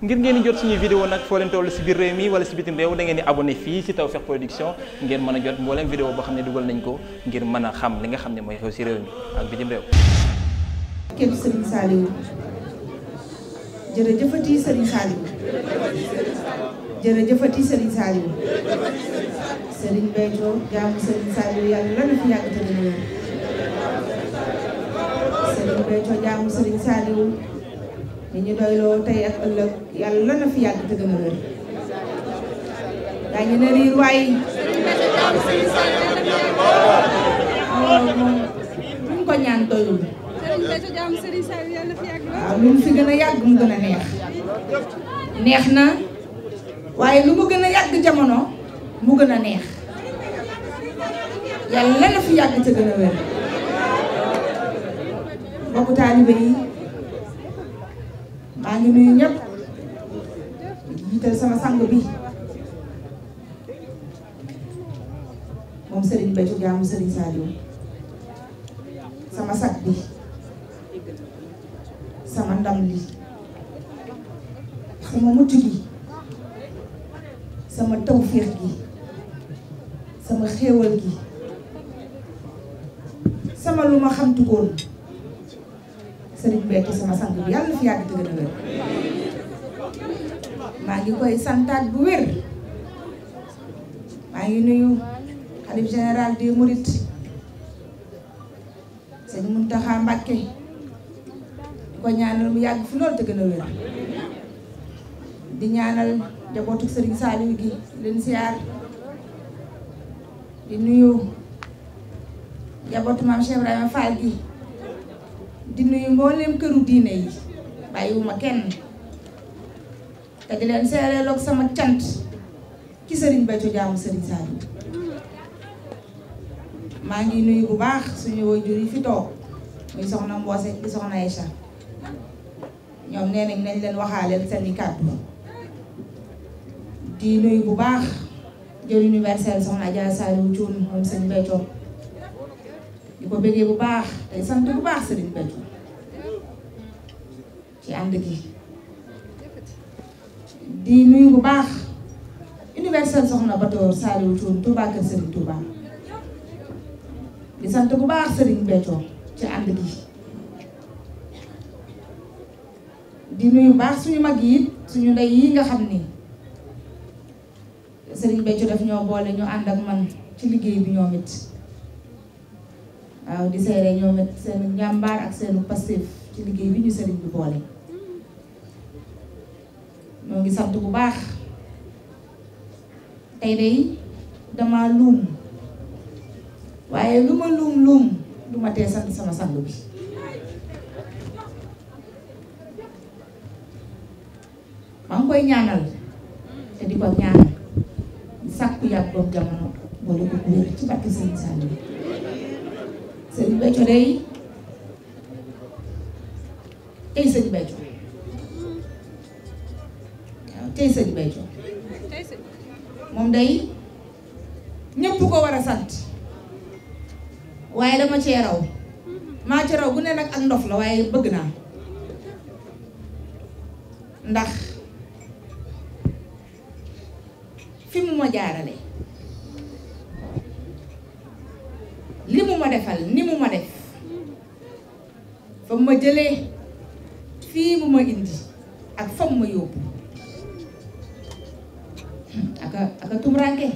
ngir ngeen di jot suñuy vidéo nag foo leen toll si biir réew mi wala si bitim réew da ngeen di abonné fii si Tawfekh Production ngeen mën a jot mbooleem vidéo boo xam ne dugal nañ ko ngir mën a xam li nga xam ne mooy xew si réew mi ak bitim réew képp Serigne Saliou jërëjëfati Serigne Saliou jërëjëfati Serigne Saliou Serigne Béthio jaamu Serigne Saliou yàlla na fi yàgg te dina Serigne ni ñu doyloo tey ak ëllëg yàlla na fi yàgg tëgg na wér daañu ne riir waaye luñ ko ñaan doyul waaw lu mu fi gën a yàgg mu gën a neex neex na waaye lu mu gën a yàgg jamono mu gën a neex yàlla na fi yàgg tëgg na wér mbokku taalibe yi maa ngi nuyu ñëpp jiital sama sang bi moom Serigne Béthio jaamu Serigne Saliou sama sag bi sama ndam li sama mucc gi sama tawféex gi sama xéewal gi sama lu ma xamtu woon sëriñ Béthio sama sang bi yàlla fi yàgg te gën a wér maa ngi koy santaat bu wér maa ngi nuyu xalif général des Mourides sëñ Mountakha Mbacké di ko ñaanal mu yàgg fi loolu te gën a wér di ñaanal njabootu sëriñ Saliou gi leen siyaar di nuyu njabootu maam Cheikh Ibrahima Fall gi di nuyu mbooleem këru diine yi bàyyiwuma kenn te di leen seereeloog sama cant ci sëriñ Béthio jaamu sëriñ Saliou maa ngi nuyu bu baax suñu waajur yi fi toog muy soxna Mboose di soxna Aïcha ñoom nee nañ nañ leen waxaaleel seeni kàddu di nuyu bu baax jël universel soxna Adja Saliou Thioune moom sëñ Béthio ko bëggee bu baax tey sant bu baax Serigne Béthio ci ànd gi di nuyu bu baax universel soxna Batoor Saliou Thioune Touba Kër Serigne Touba di sant bu baax sëriñ Béthio ci ànd gi di nuyu baax suñu mag yi suñu ndey yi nga xam ni Serigne Béthio daf ñoo boole ñu ànd ak man ci liggéey bi ñoom it waaw di seere ñoom it seen njàmbaar ak seen passif ci liggéey bi ñu sëriñ bi boole ñoo ngi sant bu baax tey day dama luum waaye lu ma luum luum du ma tee sama sang bi maa ngi koy ñaanal te di ko ñaan sàkku yàgg boobu jamono boole ko wér ci barke sëriñ Saliou Béthio day tey sëñ Béthio waaw tey sëñ Béthio moom day ñëpp ko war a sant waaye dama cee raw maa ci raw bu ne nag ak ndox la waaye bëgg naa ndax fi mu ma jaarale li mu ma defal ni mu ma def fa ma jëlee fii mu ma indi ak fa mu ma yóbbu aka aka tumuraanke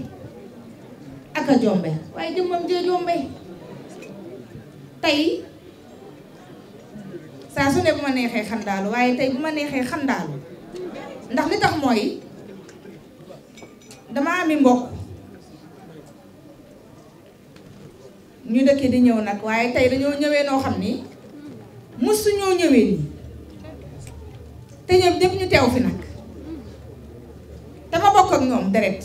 aka jombe waaye jëmmam jee jombe tey saa su ne bu ma neexee xandaalu waaye tey bu ma neexee xandaalu ndax li tax mooy dama ami mbokk ñu dëkkee di ñëw nag waaye tey dañoo ñëwee noo xam ni musu ñoo ñëwee nii te ñoom ñëpp ñu teew fi nag dama bokk ak ñoom deret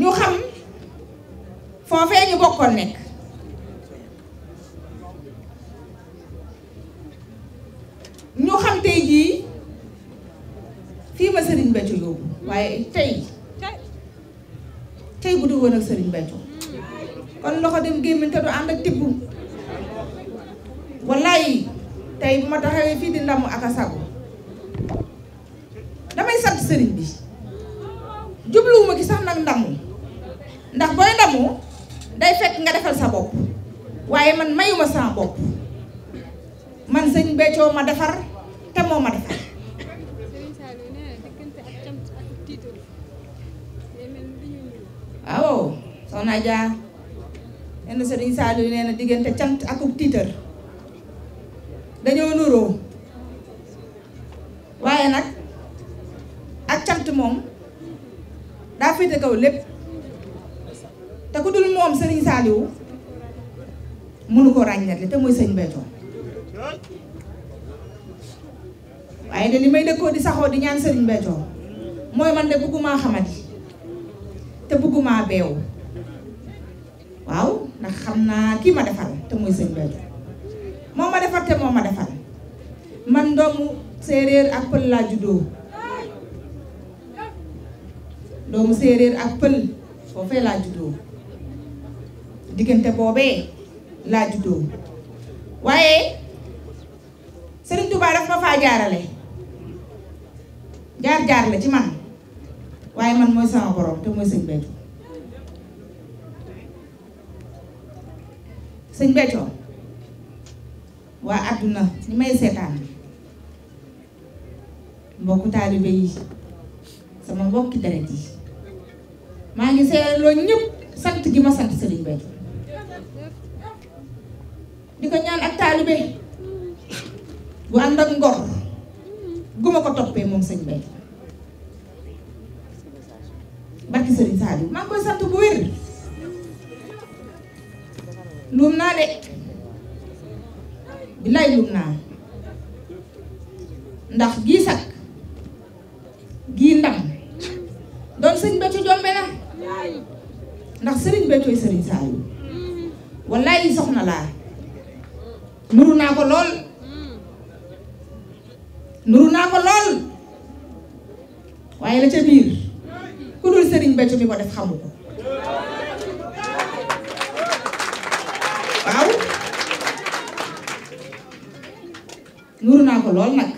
ñu xam foofee ñu bokkoon nekk ñu xam tey jii fii ma Serigne Béthio yóbbu waaye tey tey bu dul woon ak Serigne Béthio kon loxo dem gémmiñ te du ànd ak tibb wallaay tey bu ma taxawee fii di ndamu ak a sago damay sant sëriñ bi jubluwuma ki nag ndamu ndax booy ndamu day fekk nga defal sa bopp waaye man mayuma sa bopp man sëñ Béthio ma defar te moo ma defar waaw soxna Dia nee na Serigne Saliou nee na diggante cant akub tiitar dañoo nuroo waaye nag ak cant moom daa féete kaw lépp te ku dul moom Serigne Saliou mënu ko ràññale te mooy sëñ Béthio waaye de li may dëkkoo di saxoo di ñaan Serigne Béthio mooy man ne bëgguma xamati te bëgguma beew xam naa kii ma defal te mooy sëñ Béthio moo ma defal te moo ma defal man doomu séeréer ak pël laa juddoo doomu séeréer ak pël foofee laa juddoo diggante boobee laa juddoo waaye Sëriñ Tuubaa daf ma faa jaarale jaar jaar la ci man waaye man mooy sama borom te mooy sëñ Béthio sëñ Béthio waa àdduna ñi may seetaan mbokku taalibe yi sama mbokki deret yi maa ngi seere loolu ñëpp sant gi ma sant sëriñ Béthio di ko ñaan ak taalibe bu ànd ak ngor gu ma ko toppee moom sëñ Béthio barki sëriñ Saliou maa koy sant bu wér luum naa de billaay luum naa ndax gii sag gii ndam doon sëriñ Béthio jombe na ndax sëriñ Béthioy sëriñ Saliou wallaay soxna laa nuru naa ko lool nuru naa ko lool waaye la ca biir ku dul sëriñ Béthio mi ko def xamu ko nuru naa ko lool nag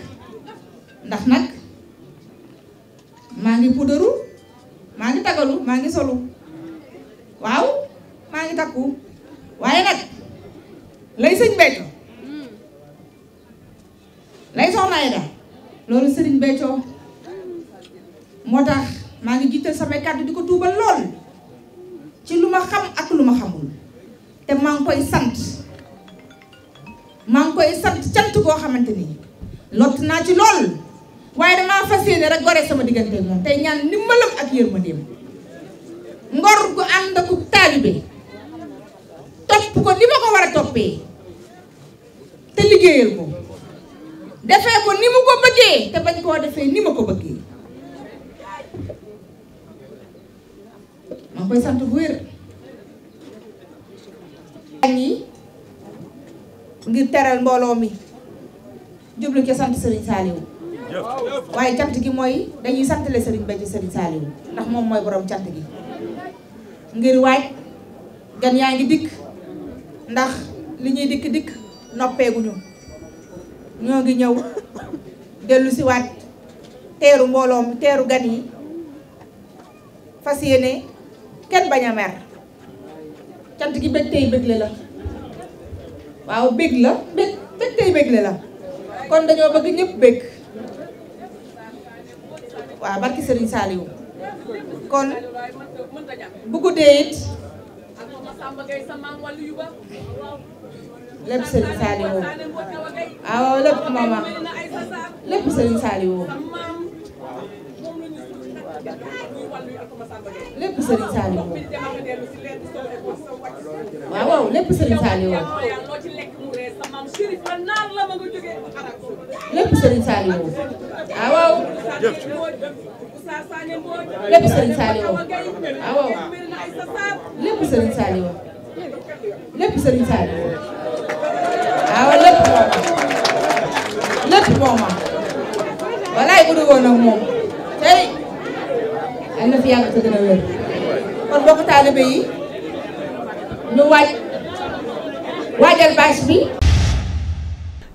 ndax nag maa ngi pudaru maa ngi tagalu maa ngi solu waaw maa ngi takku waaye nag lay sëñ Béthio lay soxna Aida loolu sëriñ Béthio moo tax maa ngi jiital samay kàddu di ko tuubal lool ci lu ma xam ak lu ma xamul te maa ngi koy sant maa ngi koy sant cant boo xamante ni lott naa ci lool waaye damaa fas yéene rek gore sama diggante moom tey ñaan ndimbalam ak yërmandeem ngor gu ànd ak taalibe topp ko ni ma ko war a toppee te liggéeyal ko defee ko ni mu ko bëggee te bañ koo defee ni ma ko bëggee maa koy sant bu wér. ngir teral mbooloo mi jublu ca sant Serigne Saliou waaye cant gi mooy dañuy santale Serigne ba ci Serigne ndax moom mooy borom cant gi ngir waaj gan yaa ngi dikk ndax li ñuy dikk dikk noppeeguñu ñoo ngi ñëw dellu si waat teeru mbooloom teeru gan yi fas yéene kenn bañ a mer cant gi bëgg tey bëgg la waaw bég la bég bég tey bégle la kon dañoo bëgg ñëpp bég waaw barki Serigne Saliou kon bu guddee it lépp Serigne Saliou waaw lépp mama lépp Serigne lépp Serigne Saliou waaw waaw lépp Serigne Saliou lépp Serigne Saliou ah, ah waaw lépp Serigne Saliou ah waaw lépp Serigne Saliou lépp Serigne Saliou ah waaw lépp moom lépp moom ah. walaay bu dul woon ak moom tey am na fi yàgg te gën a wér kon mbokk taalibe yi ñu waaj waajal bâche bi.